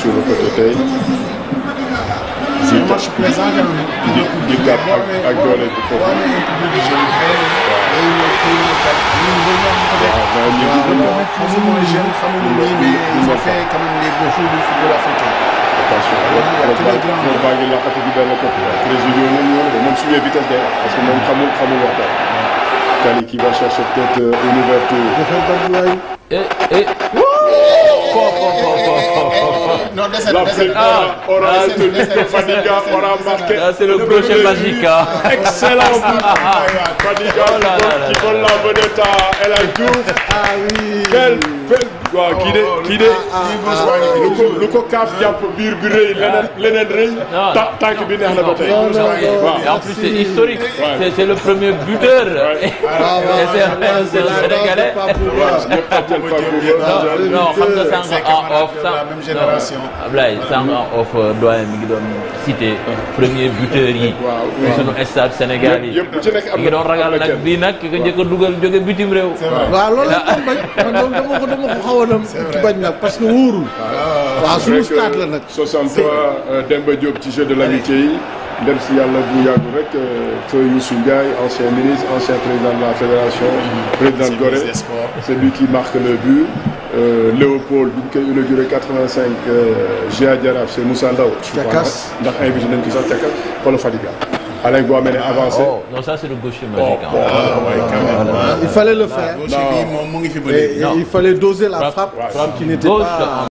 sur le côté tey Zita di tap ak ak doole bi foofu. waaw waaw ñu ngi doon ñu ngi attention loolu baa ngi laqatu di benn côté. Brésilien moom noonu moom suñu vitesse day am parce que moom xamul xamul waxtaan. Kali qui va chercher peut-être euh, une ouverture. non décès décès ah aura tenu que Fadiga aura marqué. c'est le crochet magique excellent Fadiga ah, oh, qui colle la vedette à El Hadj Diouf. ah, ah oui quel pel. waaw kii de kii de lu ko lu ko kaaf jàpp biir bi rëy ah. leneen leneen rëy. tànk bi neex na ba tey. en plus c'est historique. c'est le premier buteur. sénégalais. non xam nga sànq en off. Ablaye sànq en off euh, doyen mi ngi doon cité premier buteur yi ci sunu stade Sénégal yi ngi doon ragal nag bii nag ki ko njëkk a dugal jóge bitim réew waaw loolu dama ko dama a doon bañ nag parce que wóorul ah, waaw sunu stade la nag euh, Demba Diop ci jeu de l'amitié yi dem si yàlla bu yàggu rek feu Youssou Ndiaye ancien ministre ancien président de la fédération mm-hmm. président Gorée Euh, Léopold bi ñu koy inauguré 85 Gia Jaraaf chez Moussa Ndaw. Cakas ndax invité nañ ko sax Cakas wala Fadiga. Alain Guamé ne avancé. oh non ça c'est le gaucher magique. Oh, oh, ah, il fallait le faire. non il fallait doser la frappe. frappe qui n'était pas